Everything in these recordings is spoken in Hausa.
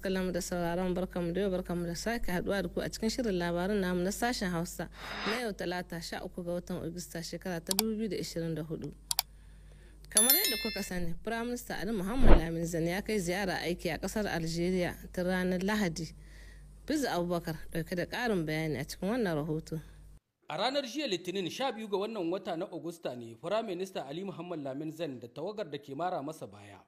masu da sauraron barkamu da yau barkamu da sake haduwa da ku a cikin shirin labarin namu na sashen Hausa na yau talata sha uku ga watan Agusta shekara ta 2024. Kamar yadda kuka sani, Prime Minister Ali Muhammad Lamin Zane ya kai ziyara aiki a kasar Algeria ta ranar Lahadi. Bizu Abubakar dauke da karin bayani a cikin wannan rahoto. A ranar jiya Litinin 12 ga wannan wata na Agusta ne, Firaminista Ali Muhammad Lamin zane da tawagar da ke mara masa baya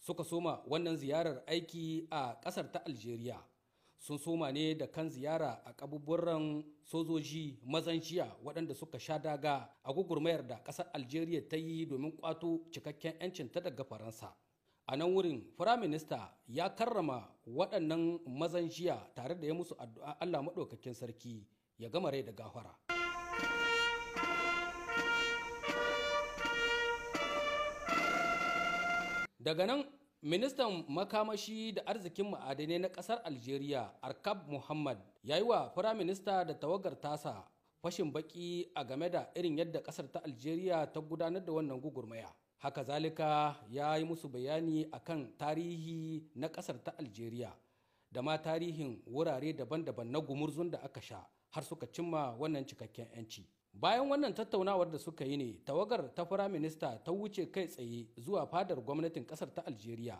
suka soma wannan ziyarar aiki a ƙasar ta algeria sun soma ne da kan ziyara a kabuburan sojoji mazan waɗanda suka sha daga a gugurmayar da ƙasar algeria ta yi domin kwato cikakken 'yancin ta daga faransa a nan wurin firaminista ya karrama waɗannan mazan tare da ya musu addu'a allah maɗaukakin sarki ya gama rai da gafara daga nan ministan makamashi da arzikin ma'adanai na kasar algeria arkab muhammad ya yi wa firaminista da tawagar tasa fashin baki a game da irin yadda kasar ta algeria ta gudanar da wannan gugurmaya haka zalika ya yi musu bayani akan tarihi na kasar ta algeria da ma tarihin wurare daban-daban na gumurzun da aka sha har suka cimma wannan cikakken 'yanci. bayan wannan tattaunawar da suka yi ne tawagar ta firaminista ta wuce kai tsaye zuwa fadar gwamnatin kasar ta algeria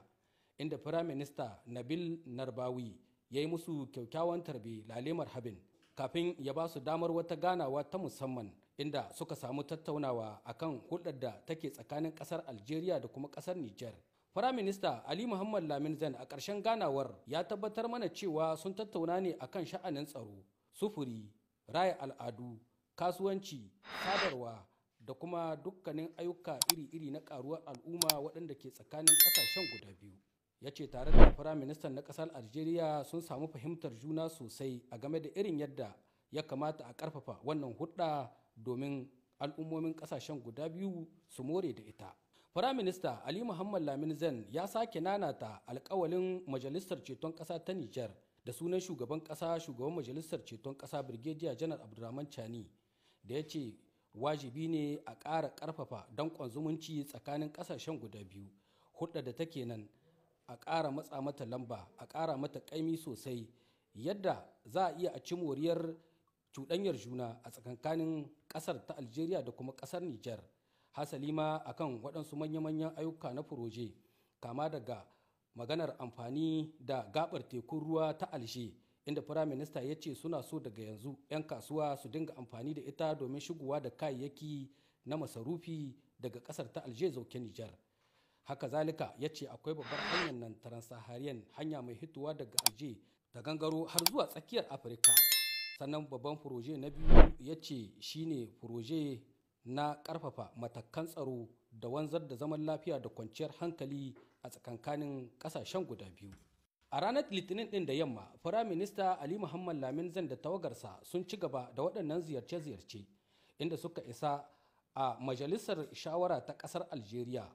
inda firaminista nabil narbawi ya yi musu kyakkyawan tarbe lalemar habin kafin ya ba su damar wata ganawa ta musamman inda suka samu tattaunawa a kan hulɗar da take tsakanin kasar algeria da kuma kasar niger Firaminista Ali Muhammad Lamin Zan a ƙarshen ganawar ya tabbatar mana cewa sun tattauna ne akan sha'anin tsaro, sufuri, raya al'adu, kasuwanci sadarwa da kuma dukkanin ayyuka iri-iri na karuwar al'umma waɗanda ke tsakanin ƙasashen guda biyu ya ce tare da firaministan na ƙasar algeria sun samu fahimtar juna sosai a game da irin yadda ya kamata a ƙarfafa wannan hudda domin al'ummomin ƙasashen guda biyu su more da ita firaminista ali muhammad lamin zen ya sake nanata alkawalin majalisar ceton ƙasa ta nijar da sunan shugaban ƙasa shugaban majalisar ceton ƙasa birgediya janar abdulrahman chani da ya ce wajibi ne a ƙara ƙarfafa danƙon zumunci tsakanin ƙasashen guda biyu hudda da take nan a ƙara matsa mata lamba a ƙara mata ƙaimi sosai yadda za a iya a ci moriyar cuɗanyar juna a tsakankanin ƙasar ta algeria da kuma ƙasar niger hasali ma akan waɗansu manya-manyan ayyuka na furoje kama daga maganar amfani da gaɓar tekun ruwa ta alshe inda firaminista ya ce suna so daga yanzu 'yan kasuwa su dinga amfani da ita domin shigowa da kayayyaki na masarufi daga kasar ta alje zauke nijar haka zalika ya ce akwai babbar hanyar nan transaharian hanya mai hituwa daga alje ta gangaro har zuwa tsakiyar afirka sannan babban furoje na biyu ya ce shine furoje na karfafa matakan tsaro da wanzar da zaman lafiya da kwanciyar hankali a tsakankanin kasashen guda biyu A ranar Litinin ɗin da yamma, Firaminista Ali Muhammad Lamin Zan da tawagarsa sun ci gaba da waɗannan ziyarce-ziyarce inda suka isa a Majalisar Shawara ta ƙasar Algeria.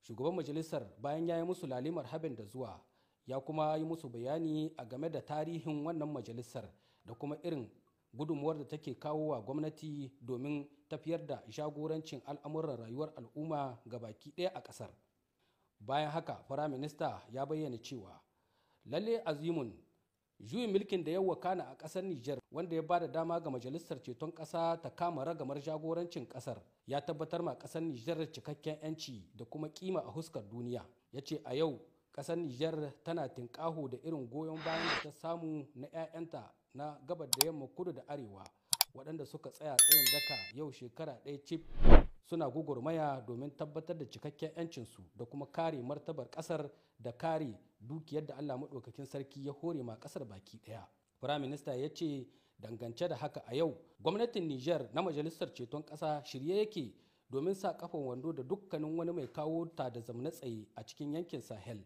Shugaban Majalisar bayan ya yi musu lalimar habin da zuwa ya kuma yi musu bayani a game da tarihin wannan majalisar da kuma irin gudunmuwar da take kawo wa gwamnati domin tafiyar da jagorancin al'amuran rayuwar al'umma ga baki ɗaya a ƙasar bayan haka firaminista ya bayyana cewa lalle azimun juyin mulkin da ya wakana a ƙasar Nijar wanda ya bada dama ga majalisar ceton ƙasa ta kama ragamar jagorancin ƙasar ya tabbatar ma ƙasar Nijar cikakken 'yanci da kuma kima a huskar duniya ya ce a yau ƙasar Nijar tana tinƙaho da irin goyon bayan da ta samu na 'ya'yanta na gabar da yamma kudu da arewa waɗanda suka tsaya tsayin daka yau shekara ɗaya cif suna gugurmaya domin tabbatar da cikakken 'yancinsu da kuma kare martabar kasar da kare dukiyar da allah maɗaukakin sarki ya hore ma kasar baki ɗaya firaminista ya ce dangance da haka a yau gwamnatin niger na majalisar ceton ƙasa shirye yake domin sa kafan wando da dukkanin wani mai kawo ta da zamna tsaye a cikin yankin sahel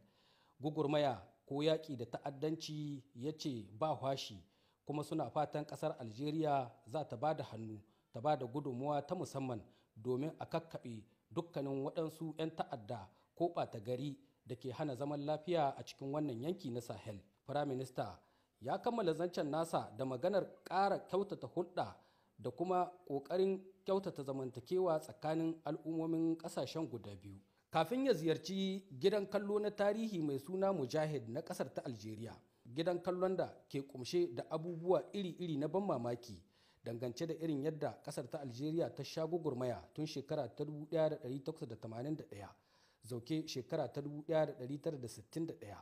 gugurmaya ko yaƙi da ta'addanci ya ce ba hwashi kuma suna fatan ƙasar algeria za ta ba da hannu ta ba da gudunmuwa ta musamman domin a kakkaɓe dukkanin waɗansu 'yan ta'adda ko ɓata gari da ke hana zaman lafiya a cikin wannan yanki na sahel firaminista ya kammala zancen nasa da maganar ƙara kyautata hulɗa da kuma ƙoƙarin kyautata zamantakewa tsakanin al'ummomin ƙasashen guda biyu kafin ya ziyarci gidan kallo na tarihi mai suna mujahid na ƙasar ta algeria gidan kallon da ke kumshe da abubuwa iri-iri na ban mamaki dangance da irin yadda kasar ta algeria ta sha gugurmaya tun shekara ta 1881 zauke shekara ta 1961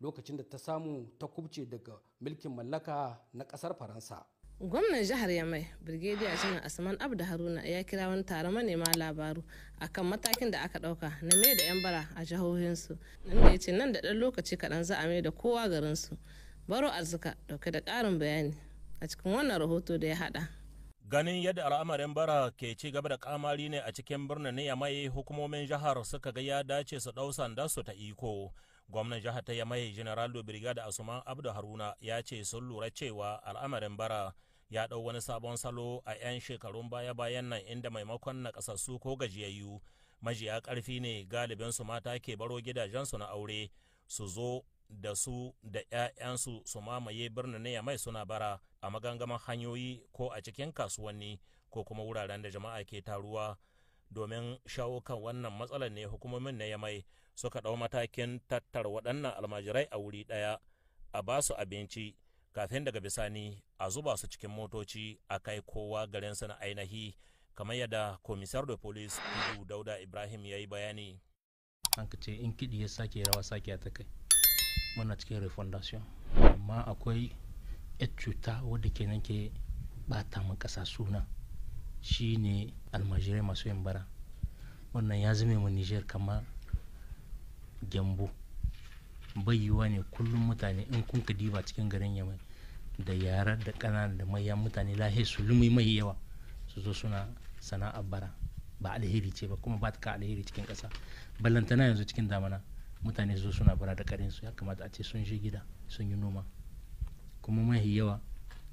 lokacin da ta samu ta kubce daga mulkin mallaka na kasar faransa gwamnan jihar yamai birgediya janar asman abda haruna ya kira wani taron manema labaru akan matakin da aka dauka na mai da yan bara a jihohinsu inda ya ce nan da ɗan lokaci kaɗan za a mai da kowa garinsu baro arzika dauke da ƙarin bayani a cikin wannan rahoto da ya hada. Ganin yadda al'amarin bara ke ci gaba da kamari ne a cikin birnin Yamai hukumomin jihar suka ga ya dace su ɗau sanda su ta iko. Gwamnan jihar ta Yamai General Brigada Asuman Abdu Haruna ya ce sun lura cewa al'amarin bara ya ɗau wani sabon salo a 'yan shekarun baya-bayan nan inda maimakon na ƙasassu ko gajiyayyu majiya karfi ne galibin su mata ke baro gidajensu na aure su zo da su da 'ya'yansu su mamaye birnin ya mai suna bara a magangaman hanyoyi ko a cikin kasuwanni ko kuma wuraren da jama'a ke taruwa domin shawo kan wannan matsalar ne hukumomin na yamai suka ɗau matakin tattara waɗannan almajirai a wuri ɗaya a ba su abinci kafin daga bisani a zuba su cikin motoci a kai kowa garinsu na ainihi kamar yadda komisar da polis dauda ibrahim ya yi bayani an ce in kiɗi ya sake rawa sake ta kai muna cikin refundation amma akwai yar cuta wadda ke nan ke bata mu ƙasa suna shi ne almajirai masu yin bara wannan ya zame mu niger kamar gyambo yiwuwa ne kullum mutane in kun ka diba cikin garin yamai da yara da ƙanana da mayan mutane lahi su lumi mai yawa su zo suna sana'ar bara ba alheri ce ba kuma ba ta ka alheri cikin ƙasa ballantana yanzu cikin damana mutane su suna bara da karin su ya kamata a ce sun je gida sun yi noma kuma mahi yawa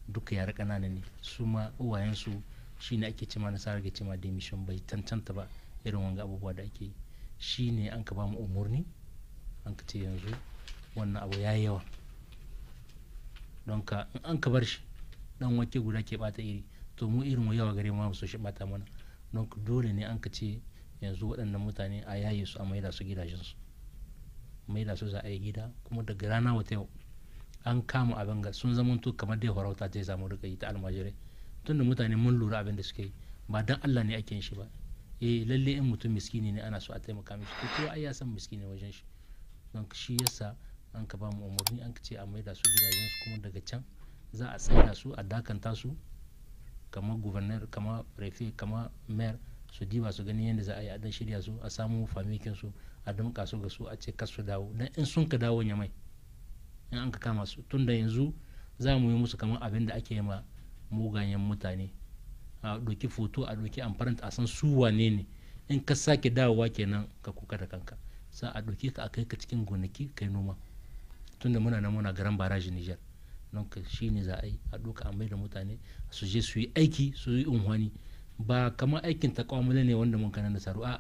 duka yara ƙanana ne su ma uwayensu shi ne ake cima na sarar cima da mission bai tantanta ba irin wanga abubuwa da ake shi ne an ka ba mu umurni an ka ce yanzu wannan abu ya yawa don ka an ka bar shi dan wake guda ke bata iri to mu irin mu yawa gare mu so shi bata mana don dole ne an ka ce yanzu waɗannan mutane a yaye su a maida su gidajensu mai da su za a yi gida kuma daga rana wata yau an kama abin ga sun zama to kamar dai farauta ta zamu rika yi ta almajirai tunda mutane mun lura abin da suke yi ba dan Allah ne ake yin shi ba eh lalle in mutum miskini ne ana so a taimaka mishi ko ai ya san miskini wajen shi don shi yasa an ka ba mu umarni an ce a mai da su gidajen su kuma daga can za a tsaya su a dakanta su kama gubernar kama prefe kama mayor su diba su gani yadda za a yi a dan shirya su a samu famikin su a damƙa su ga su a ce kasu dawo dan in sun ka dawo mai in an ka kama su tun da yanzu za mu yi musu kamar abin da ake ma mugayen mutane a doki foto a doki amfaranta a san su wane ne in ka sake dawowa kenan ka kuka da kanka sa a doki ka a kai ka cikin gonaki kai noma tunda muna na muna garan baraji Nijar don ka shi ne za a yi a doka a da mutane su je su yi aiki su yi unhwani ba kamar aikin takwamula ne wanda mun kana nasaru a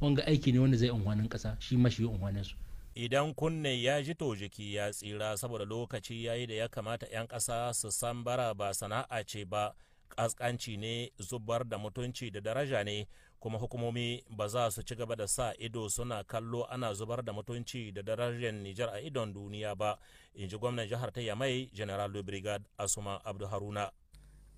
wanga aiki ne wanda zai unhwanin kasa shi ma shi unhwanin su idan kunne ya ji to jiki ya tsira saboda lokaci ya yi da ya kamata yan kasa su san bara ba sana'a ce ba kaskanci ne zubar da mutunci da daraja ne kuma hukumomi ba za su ci gaba da sa ido suna kallo ana zubar da mutunci da darajar Nijar a idon duniya ba in ji gwamnan jihar ta Yamai General Brigade Asuma Abdu Haruna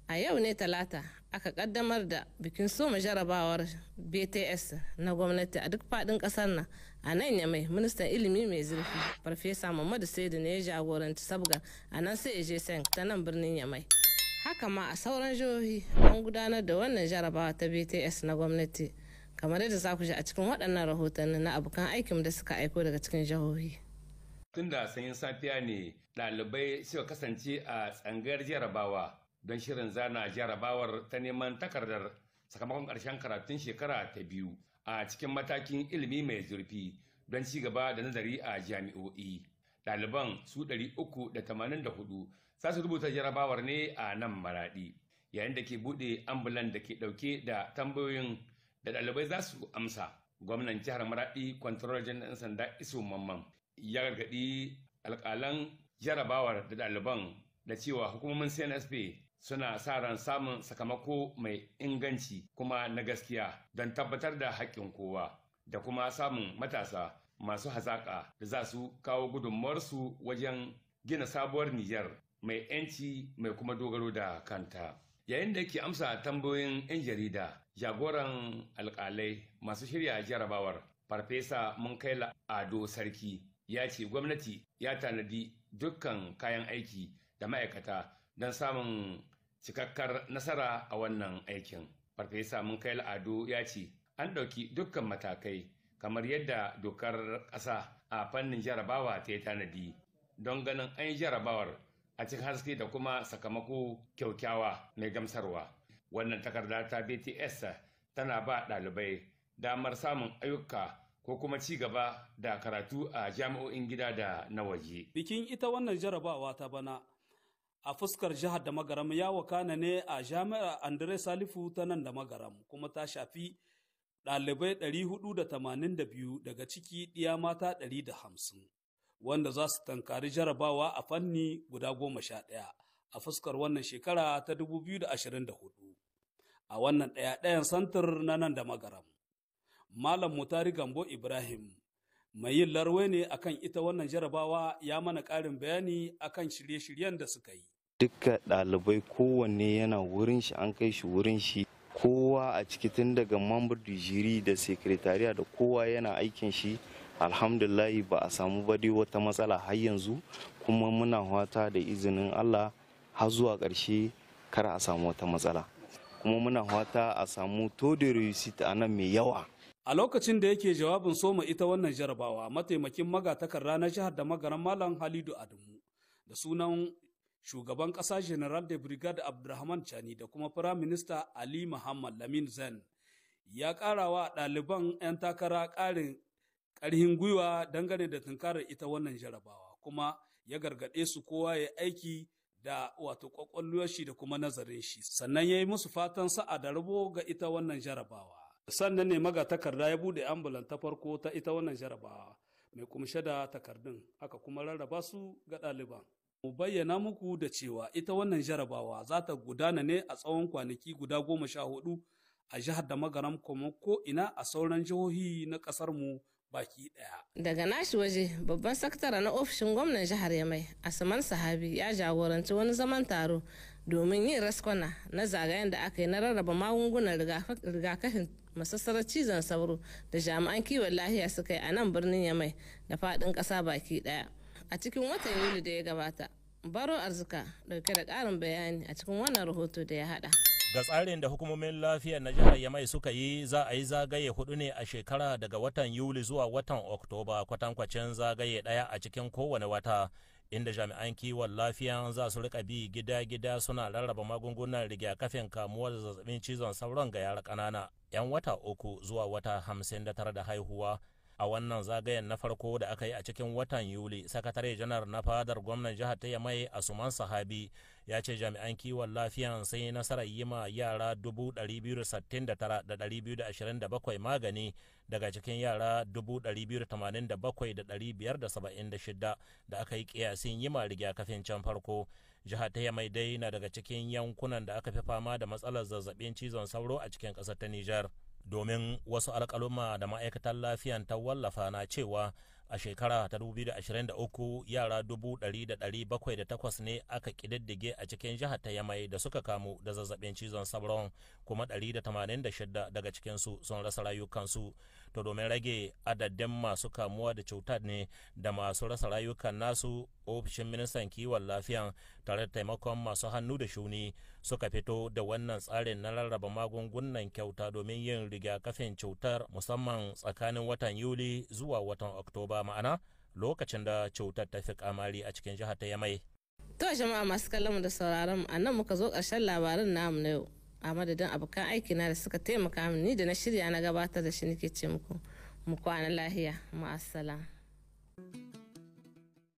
a yau ne talata aka kaddamar da bikin soma jarabawar bts na gwamnati a duk fadin kasar nan a nan ya mai ministan ilimi mai zurfi farfesa muhammadu saidu ne ya jagoranci sabgar a nan sai eje ta nan birnin ya mai haka ma a sauran jihohi an gudanar da wannan jarabawa ta bts na gwamnati kamar yadda za ku ji a cikin waɗannan rahotanni na abokan aikin da suka aiko daga cikin jihohi tun da sanyin safiya ne ɗalibai suka kasance a tsangayar jarabawa don shirin zana jarabawar ta neman takardar sakamakon ƙarshen karatun shekara ta biyu a cikin matakin ilimi mai zurfi don ci gaba da nazari a jami'o'i. Ɗaliban su 384 za su rubuta jarabawar ne a nan maraɗi, yayin da ke buɗe ambulan da ke ɗauke da tambayoyin da ɗalibai za su amsa. Gwamnan jihar Maraɗi, Kwantarar Jami'an Sanda Isu Mamman ya gargaɗi alƙalan jarabawar da ɗaliban da cewa hukumomin CNSP suna sa ran samun sakamako mai inganci kuma na gaskiya don tabbatar da haƙƙin kowa da kuma samun matasa masu hazaƙa da za su kawo su wajen gina sabuwar Nijar mai 'yanci mai kuma dogaro da kanta. Yayin da ke amsa tambayoyin 'yan jarida, jagoran alƙalai masu shirya jarabawar, Farfesa Munkaila Ado Sarki ya ce gwamnati ya tanadi dukkan kayan aiki da ma'aikata don samun cikakkar nasara a wannan aikin. Farfesa Munkail Ado ya ce, an ɗauki dukkan matakai kamar yadda dokar ƙasa a fannin jarabawa ta yi tanadi don ganin an yi jarabawar a cikin haske da kuma sakamako kyaukyawa mai gamsarwa. Wannan takarda ta BTS tana ba ɗalibai damar samun ayyuka ko kuma ci gaba da karatu a jami'o'in gida da na waje. Bikin ita wannan jarabawa ta bana a fuskar jihar da magaram ya wakana ne a jami'ar andre salifu ta nan da magaram kuma ta shafi ɗalibai 482 daga ciki ɗiya mata 150 wanda za su tankari jarabawa a fanni guda goma sha ɗaya a fuskar wannan shekara ta 2024 a wannan ɗaya ɗayan santar na nan da magaram malam mutari gambo ibrahim mai yin larwe ne akan ita wannan jarabawa ya mana ƙarin bayani akan shirye-shiryen da suka yi duka ɗalibai kowanne yana wurin shi an kai shi wurin shi kowa a ciki tun daga mambar jiri da sekretariya da kowa yana aikin shi alhamdulahi ba a samu ba dai wata matsala har yanzu kuma muna wata da izinin allah har zuwa ƙarshe kar a samu wata matsala kuma muna wata a samu todo a nan mai yawa a lokacin da yake jawabin soma ita wannan jarabawa mataimakin magatakar ranar jihar da magaran malam halidu adamu da sunan shugaban ƙasa general de brigade abdulrahman chani da kuma firayim minista ali muhammad lamin zain ya ƙara wa ɗaliban 'yan takara ƙarin ƙarhin gwiwa dangane da tunkarar ita wannan jarabawa kuma ya gargaɗe su kowa ya aiki da wato ƙwaƙwalwar shi da kuma nazarin shi sannan ya yi musu fatan sa'a da rabo ga ita wannan jarabawa sannan ne magatakarda ya buɗe ambulan ta farko ta ita wannan jarabawa mai kumshe da takardun haka kuma rarraba su ga ɗaliban mu bayyana muku da cewa ita wannan jarabawa za ta gudana ne a tsawon kwanaki guda goma sha hudu a jihar da magaram kuma ko ina a sauran jihohi na kasar mu baki daya. Daga nashi waje babban sakatare na ofishin gwamnan jihar Yamai Asman Sahabi ya jagoranci wani zaman taro domin yin raskwana na zagayen da aka yi na rarraba magungunan rigakafin masassarar cizon sauro da jami'an kiwon lahiya suka yi a nan birnin Yamai da faɗin ƙasa baki ɗaya. a cikin watan yuli da ya gabata baro arzika dauke da karin bayani a cikin wannan rahoto da ya hada ga tsarin da hukumomin lafiya na jihar yamai suka yi za a yi zagaye hudu ne a shekara daga watan yuli zuwa watan oktoba kwatankwacin zagaye daya a cikin kowane wata inda jami'an kiwon lafiya za su rika bi gida-gida suna rarraba magungunan rigakafin kamuwa da zazzabin cizon sauron ga yara ƙanana 'yan wata uku zuwa wata hamsin da tara da haihuwa a wannan zagayen na farko da aka yi a cikin watan yuli sakatare janar na fadar gwamnan jihar ta yamai asuman sahabi ya ce jami'an kiwon lafiyan sai yi nasarar yi ma yara 269,227 magani daga cikin yara 287,576 da aka yi kiyasin yi ma rigakafin can farko jihar ta yamai dai na daga cikin yankunan da aka fi fama da matsalar zazzabin cizon sauro a cikin ƙasar ta nijar. domin wasu alkaluma da ma'aikatan lafiyan ta wallafa na cewa a shekara ta 2023 yara 1,708 ne aka kididdige a cikin jihar ta yamai da suka kamu da zazzabin cizon sabron kuma 186 daga cikinsu sun rasa rayukansu to domin rage adadin masu kamuwa da cutar ne da masu rasa rayukan nasu ofishin ministan kiwon lafiya tare da taimakon masu hannu da shuni suka fito da wannan tsarin na rarraba magungunan kyauta domin yin rigakafin cutar musamman tsakanin watan yuli zuwa watan oktoba ma'ana lokacin da cutar ta fi kamari a cikin jihar ta yamai to jama'a masu kallon da sauraron a nan muka zo karshen labarin namu na yau a madadin abokan aikina da suka taimaka ni da na shirya na gabatar da shi nake ce muku mu kwana lahiya ma'assalam